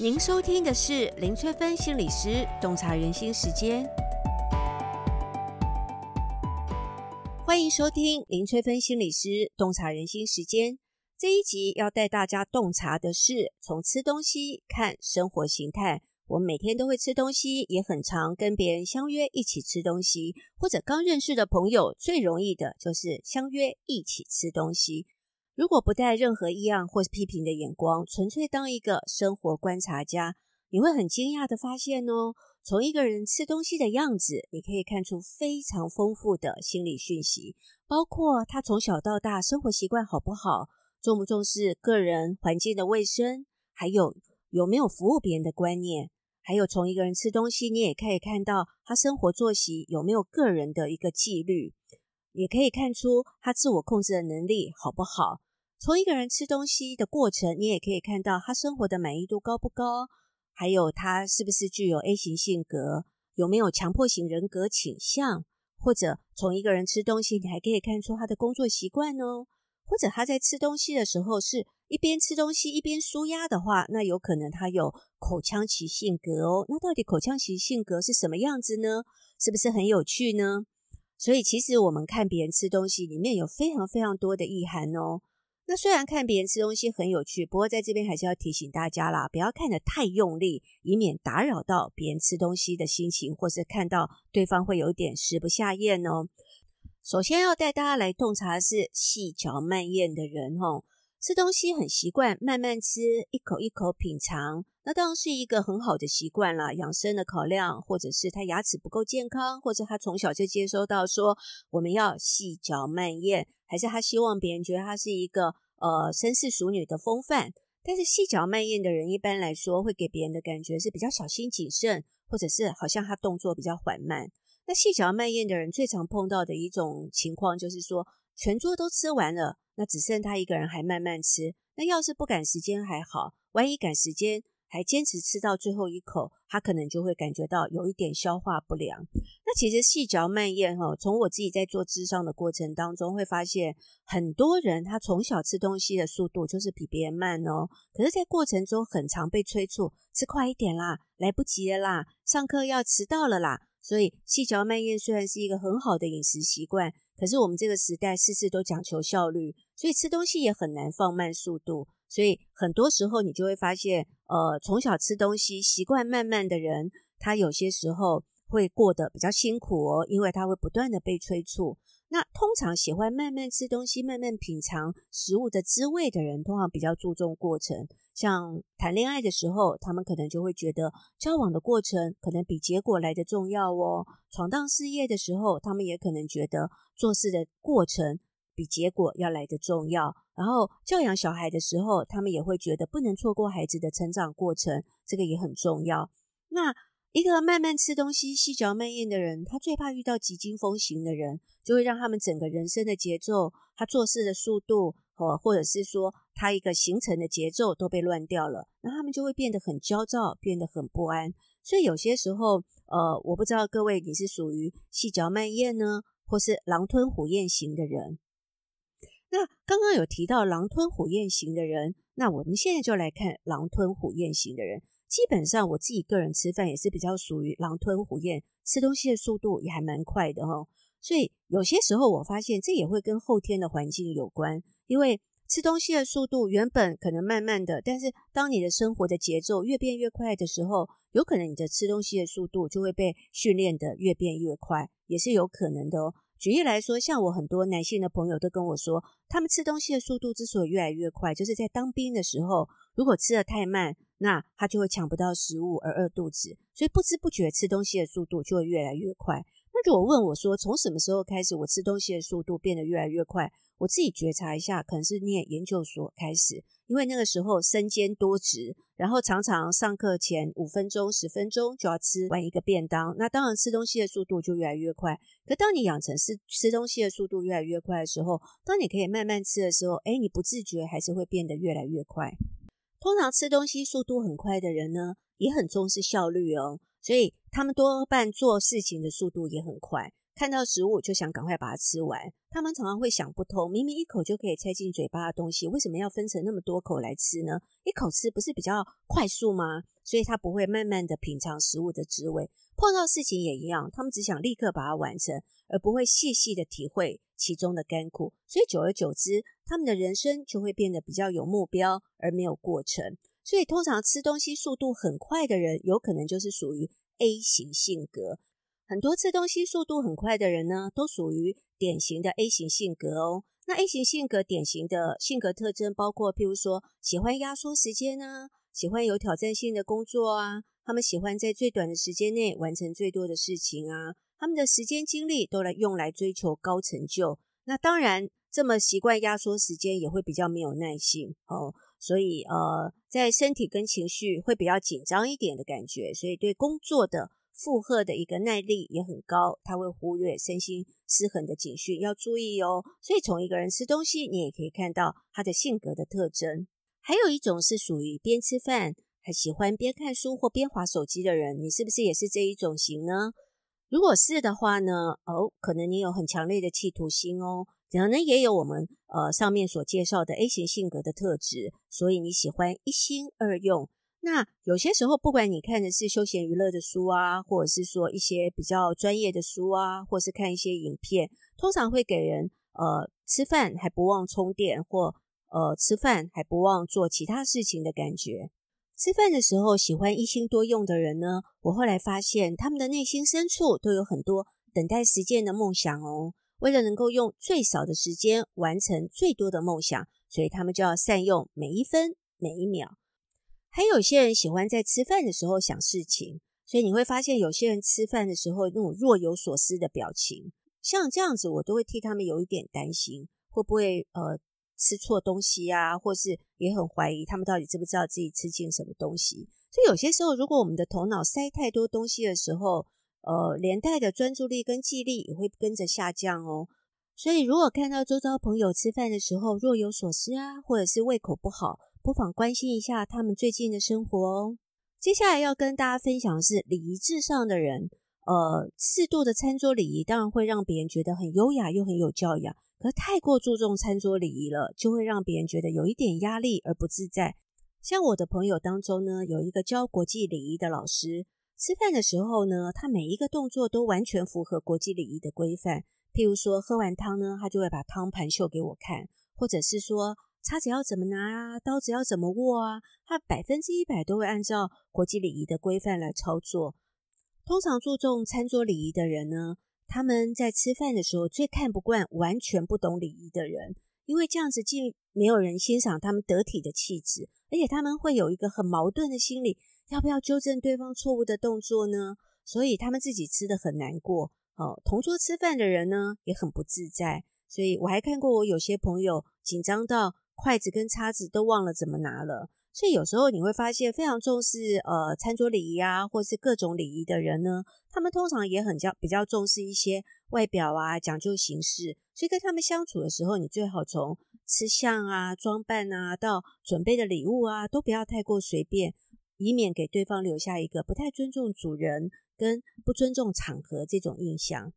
您收聽的是林翠芬心理師洞察人心時間，歡迎收聽林翠芬心理師洞察人心時間。這一集要帶大家洞察的是從吃東西看生活型態。我們每天都會吃東西，也很常跟別人相約一起吃東西，或者剛認識的朋友最容易的就是相約一起吃東西。如果不帶任何異樣或批評的眼光，純粹當一個生活觀察家，你會很驚訝的發現哦，從一個人吃東西的樣子，你可以看出非常豐富的心理訊息，包括他從小到大生活習慣好不好，重不重視個人環境的衛生，還有有沒有服務別人的觀念，還有從一個人吃東西，你也可以看到他生活作息有沒有個人的一個紀律，也可以看出他自我控制的能力好不好。從一個人吃東西的過程，你也可以看到他生活的滿意度高不高，還有他是不是具有 A 型性格，有沒有強迫型人格傾向，或者從一個人吃東西，你還可以看出他的工作習慣哦。或者他在吃東西的時候是一邊吃東西一邊舒壓的話，那有可能他有口腔期性格哦。那到底口腔期性格是什麼樣子呢？是不是很有趣呢？所以其實我們看別人吃東西，裡面有非常非常多的意涵哦。那雖然看別人吃東西很有趣，不過在這邊還是要提醒大家啦，不要看得太用力，以免打擾到別人吃東西的心情，或是看到對方會有點食不下咽哦。首先要帶大家來洞察的是細嚼慢嚥的人哦，哦吃東西很習慣，慢慢吃，一口一口品嘗，那當然是一個很好的習慣啦。養生的考量，或者是他牙齒不夠健康，或者他從小就接收到說我們要細嚼慢嚥，還是他希望別人覺得他是一個呃紳士淑女的風範。但是細嚼慢嚥的人一般來說會給別人的感覺是比較小心謹慎，或者是好像他動作比較緩慢。那細嚼慢嚥的人最常碰到的一種情況就是說全桌都吃完了。那只剩他一個人還慢慢吃，那要是不趕時間還好，萬一趕時間還堅持吃到最後一口，他可能就會感覺到有一點消化不良。那其實細嚼慢嚥哈、哦，從我自己在做諮商的過程當中會發現，很多人他從小吃東西的速度就是比別人慢哦，可是，在過程中很常被催促，吃快一點啦，來不及了啦，上課要遲到了啦。所以細嚼慢嚥雖然是一個很好的飲食習慣，可是我們這個時代事事都講求效率。所以吃東西也很難放慢速度，所以很多時候你就會發現，呃，從小吃東西習慣慢慢的人，他有些時候會過得比較辛苦哦，因為他會不斷的被催促。那通常喜歡慢慢吃東西、慢慢品嘗食物的滋味的人，通常比較注重過程。像談戀愛的時候，他們可能就會覺得交往的過程可能比結果來得重要哦。闖蕩事業的時候，他們也可能覺得做事的過程比結果要來得重要。然後教養小孩的時候，他們也會覺得不能錯過孩子的成長過程，這個也很重要。那一個慢慢吃東西、細嚼慢嚥的人，他最怕遇到急驚風型的人，就會讓他們整個人生的節奏、他做事的速度，或或者是說他一個行程的節奏都被亂掉了，那他們就會變得很焦躁，變得很不安。所以有些時候，呃，我不知道各位你是屬於細嚼慢嚥呢，或是狼吞虎嚥型的人。那剛剛有提到狼吞虎咽型的人，那我們現在就來看狼吞虎咽型的人。基本上我自己個人吃飯也是比較屬於狼吞虎咽，吃東西的速度也還蠻快的哦。所以有些時候我發現這也會跟後天的環境有關，因為吃東西的速度原本可能慢慢的，但是當你的生活的節奏越變越快的時候，有可能你的吃東西的速度就會被訓練得越變越快，也是有可能的哦。舉例來說，像我很多男性的朋友都跟我說，他們吃東西的速度之所以越來越快，就是在當兵的時候，如果吃得太慢，那他就會搶不到食物而餓肚子，所以不知不覺吃東西的速度就會越來越快。就我問我說，從什麼時候開始，我吃東西的速度變得越來越快？我自己覺察一下，可能是念研究所開始，因為那個時候身兼多職，然後常常上課前五分鐘、十分鐘就要吃完一個便當，那當然吃東西的速度就越來越快。可當你養成是吃東西的速度越來越快的時候，當你可以慢慢吃的時候，誒，你不自覺還是會變得越來越快。通常吃東西速度很快的人呢，也很重視效率哦。所以他們多半做事情的速度也很快，看到食物就想趕快把它吃完。他們常常會想不通，明明一口就可以塞進嘴巴的東西，為什麼要分成那麼多口來吃呢？一口吃不是比較快速嗎？所以他不會慢慢的品嘗食物的滋味。碰到事情也一樣，他們只想立刻把它完成，而不會細細的體會其中的甘苦。所以久而久之，他們的人生就會變得比較有目標，而沒有過程。所以，通常吃東西速度很快的人，有可能就是屬於 A 型性格。很多吃東西速度很快的人呢，都屬於典型的 A 型性格哦。那 A 型性格典型的性格特徵包括，譬如說喜歡壓縮時間啊，喜歡有挑戰性的工作啊，他們喜歡在最短的時間內完成最多的事情啊，他們的時間精力都來用來追求高成就。那當然，這麼習慣壓縮時間，也會比較沒有耐性哦。所以，呃，在身體跟情緒會比較緊張一點的感覺，所以對工作的負荷的一個耐力也很高，他會忽略身心失衡的情緒，要注意哦。所以從一個人吃東西，你也可以看到他的性格的特徵。還有一種是屬於邊吃飯，還喜歡邊看書或邊滑手機的人，你是不是也是這一種型呢？如果是的話呢，哦，可能你有很強烈的企圖心哦，可能也有我們呃上面所介紹的 A 型性格的特質，所以你喜歡一心二用。那有些時候，不管你看的是休閒娛樂的書啊，或者是說一些比較專業的書啊，或是看一些影片，通常會給人呃吃飯還不忘充電，或呃吃飯還不忘做其他事情的感覺。吃飯的時候喜歡一心多用的人呢，我後來發現他們的內心深處都有很多等待實踐的夢想哦。為了能夠用最少的時間完成最多的夢想，所以他們就要善用每一分每一秒。還有有些人喜歡在吃飯的時候想事情，所以你會發現有些人吃飯的時候那種若有所思的表情，像這樣子，我都會替他們有一點擔心，會不會呃？吃錯東西呀、啊，或是也很懷疑他們到底知不知道自己吃進了什麼東西。所以有些時候，如果我們的頭腦塞太多東西的時候，呃，連帶的專注力跟記憶力也會跟着下降哦。所以如果看到周遭朋友吃飯的時候若有所思啊，或者是胃口不好，不妨關心一下他們最近的生活哦。接下來要跟大家分享的是禮儀至上的人，呃，適度的餐桌禮儀當然會讓別人覺得很優雅又很有教養。可太過注重餐桌禮儀了，就會讓別人覺得有一點壓力而不自在。像我的朋友當中呢，有一個教國際禮儀的老師，吃飯的時候呢，他每一個動作都完全符合國際禮儀的規範。譬如說，喝完湯呢，他就會把湯盤秀給我看，或者是說，叉子要怎麼拿啊，刀子要怎麼握啊，他百分之一百都會按照國際禮儀的規範來操作。通常注重餐桌禮儀的人呢。他們在吃飯的時候最看不慣完全不懂禮儀的人，因為這樣子既沒有人欣賞他們得體的氣質，而且他們會有一個很矛盾的心理：要不要糾正對方錯誤的動作呢？所以他們自己吃得很難過。哦，同桌吃飯的人呢也很不自在。所以我還看過我有些朋友緊張到筷子跟叉子都忘了怎麼拿了。所以有時候你會發現，非常重視呃餐桌禮儀啊，或是各種禮儀的人呢，他們通常也很較比較重視一些外表啊，講究形式。所以跟他們相處的時候，你最好從吃相啊、裝扮啊，到準備的禮物啊，都不要太過隨便，以免給對方留下一個不太尊重主人跟不尊重場合這種印象。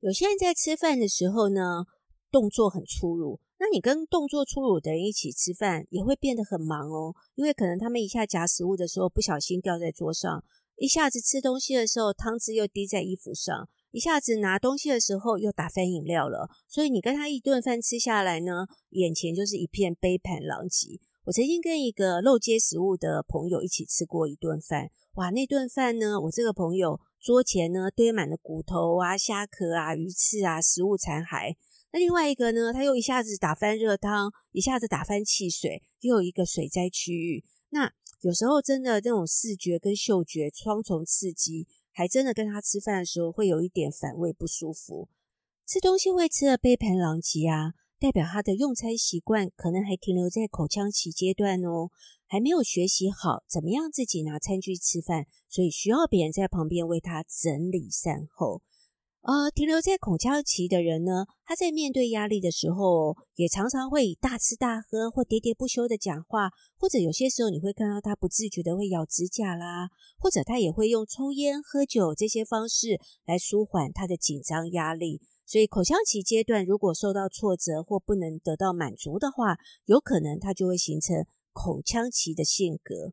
有些人在，在吃飯的時候呢，動作很粗魯。那你跟動作粗魯的人一起吃飯，也會變得很忙哦。因為可能他們一下夾食物的時候不小心掉在桌上，一下子吃東西的時候湯汁又滴在衣服上，一下子拿東西的時候又打翻飲料了。所以你跟他一頓飯吃下來呢，眼前就是一片杯盤狼藉。我曾經跟一個肉街食物的朋友一起吃過一頓飯，哇，那頓飯呢，我這個朋友桌前呢堆滿了骨頭啊、蝦殼啊、魚刺啊、食物殘骸。那另外一個呢？他又一下子打翻熱湯，一下子打翻汽水，又有一個水災區域。那有時候真的那種視覺跟嗅覺雙重刺激，還真的跟他吃飯的時候會有一點反胃不舒服。吃東西會吃得杯盤狼藉啊，代表他的用餐習慣可能還停留在口腔期階段哦，還沒有學習好怎麼樣自己拿餐具吃飯，所以需要別人在旁邊為他整理善後。呃，停留在口腔期的人呢，他在面對壓力的時候，也常常會以大吃大喝或喋喋不休的講話，或者有些時候你會看到他不自覺的會咬指甲啦，或者他也會用抽煙、喝酒這些方式來舒緩他的緊張壓力。所以，口腔期階段如果受到挫折或不能得到滿足的話，有可能他就會形成口腔期的性格。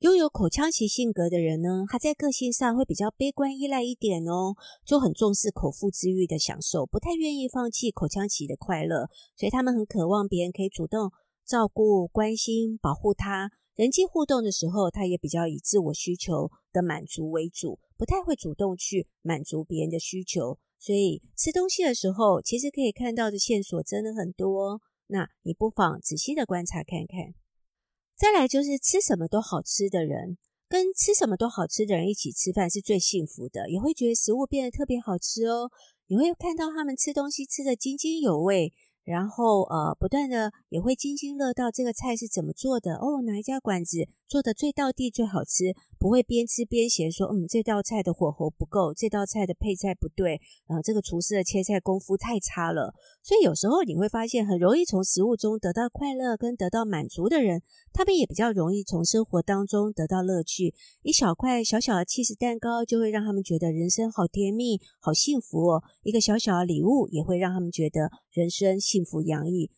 擁有口腔期性格的人呢，他在個性上會比較悲觀、依賴一點哦，就很重視口腹之慾的享受，不太願意放棄口腔期的快樂，所以他們很渴望別人可以主動照顧、關心、保護他。人際互動的時候，他也比較以自我需求的滿足為主，不太會主動去滿足別人的需求。所以吃東西的時候，其實可以看到的線索真的很多哦，那你不妨仔細的觀察看看。再來就是吃什麼都好吃的人，跟吃什麼都好吃的人一起吃飯是最幸福的，也會覺得食物變得特別好吃哦。你會看到他們吃東西吃得津津有味，然後呃不斷的也會津津樂道這個菜是怎麼做的哦，哪一家館子，做的最道地最好吃，不會邊吃邊嫌說，嗯，這道菜的火候不夠，這道菜的配菜不對，然後這個廚師的切菜功夫太差了。所以有時候你會發現，很容易從食物中得到快樂跟得到滿足的人，他們也比較容易從生活當中得到樂趣。一小塊小小的起司蛋糕就會讓他們覺得人生好甜蜜、好幸福哦；一個小小的禮物也會讓他們覺得人生幸福洋溢。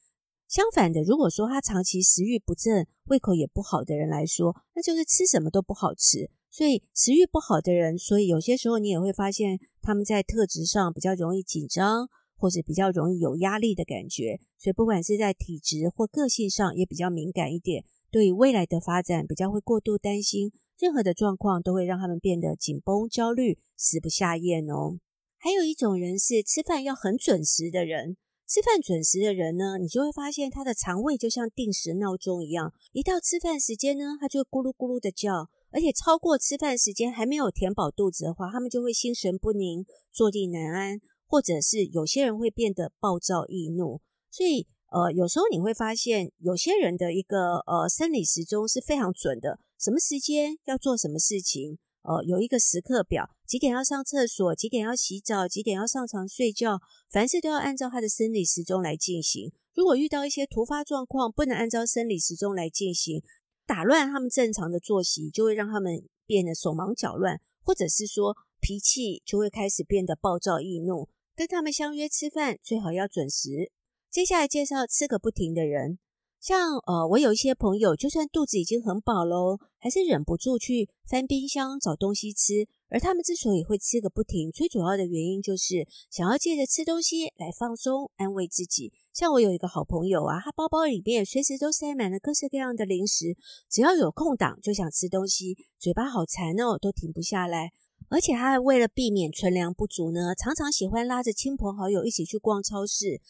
相反的，如果說他長期食慾不振、胃口也不好的人來說，那就是吃什麼都不好吃。所以食慾不好的人，所以有些時候你也會發現他們在特質上比較容易緊張，或者比較容易有壓力的感覺。所以不管是在體質或個性上也比較敏感一點，對於未來的發展比較會過度擔心，任何的狀況都會讓他們變得緊繃、焦慮、食不下嚥哦。還有一種人是吃飯要很準時的人。吃飯準時的人呢，你就會發現他的腸胃就像定時鬧鐘一樣，一到吃飯時間呢，他就咕嚕咕嚕的叫。而且超過吃飯時間還沒有填飽肚子的話，他們就會心神不寧、坐立難安，或者是有些人會變得暴躁易怒。所以，呃，有時候你會發現有些人的一個呃生理時鐘是非常準的，什麼時間要做什麼事情。呃、哦，有一個時刻表，幾點要上廁所，幾點要洗澡，幾點要上床睡覺，凡事都要按照他的生理時鐘來進行。如果遇到一些突發狀況，不能按照生理時鐘來進行，打亂他們正常的作息，就會讓他們變得手忙腳亂，或者是說脾氣就會開始變得暴躁易怒。跟他們相約吃飯，最好要準時。接下來介紹吃個不停的人。像呃，我有一些朋友，就算肚子已經很飽嘍，還是忍不住去翻冰箱找東西吃。而他們之所以會吃個不停，最主要的原因就是想要借着吃東西來放鬆、安慰自己。像我有一個好朋友啊，他包包裡面隨時都塞滿了各式各樣的零食，只要有空檔就想吃東西，嘴巴好饞哦，都停不下來。而且他還為了避免存糧不足呢，常常喜歡拉着親朋好友一起去逛超市。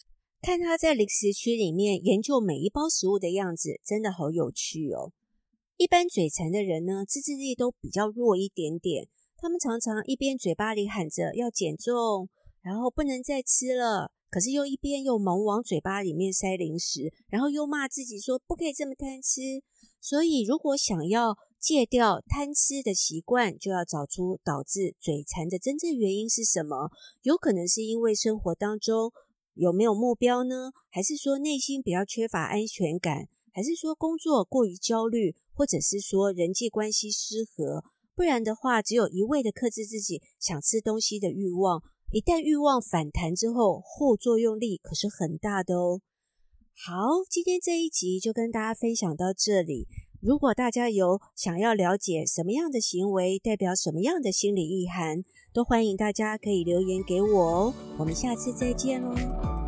看他在零食區裡面研究每一包食物的樣子，真的好有趣哦。一般嘴饞的人呢，自制力都比較弱一點點。他們常常一邊嘴巴裡喊着要減重，然後不能再吃了，可是又一邊又猛往嘴巴裡面塞零食，然後又罵自己說不可以這麼貪吃。所以，如果想要戒掉貪吃的習慣，就要找出導致嘴饞的真正原因是什麼。有可能是因為生活當中。有沒有目標呢？還是說內心比較缺乏安全感？還是說工作過於焦慮，或者是說人際關係失和？不然的話，只有一味的克制自己想吃東西的慾望，一旦慾望反彈之後，後作用力可是很大的哦。好，今天這一集就跟大家分享到這裡。如果大家有想要了解什麼樣的行為代表什麼樣的心理意涵，都歡迎大家可以留言給我哦。我們下次再見嘍。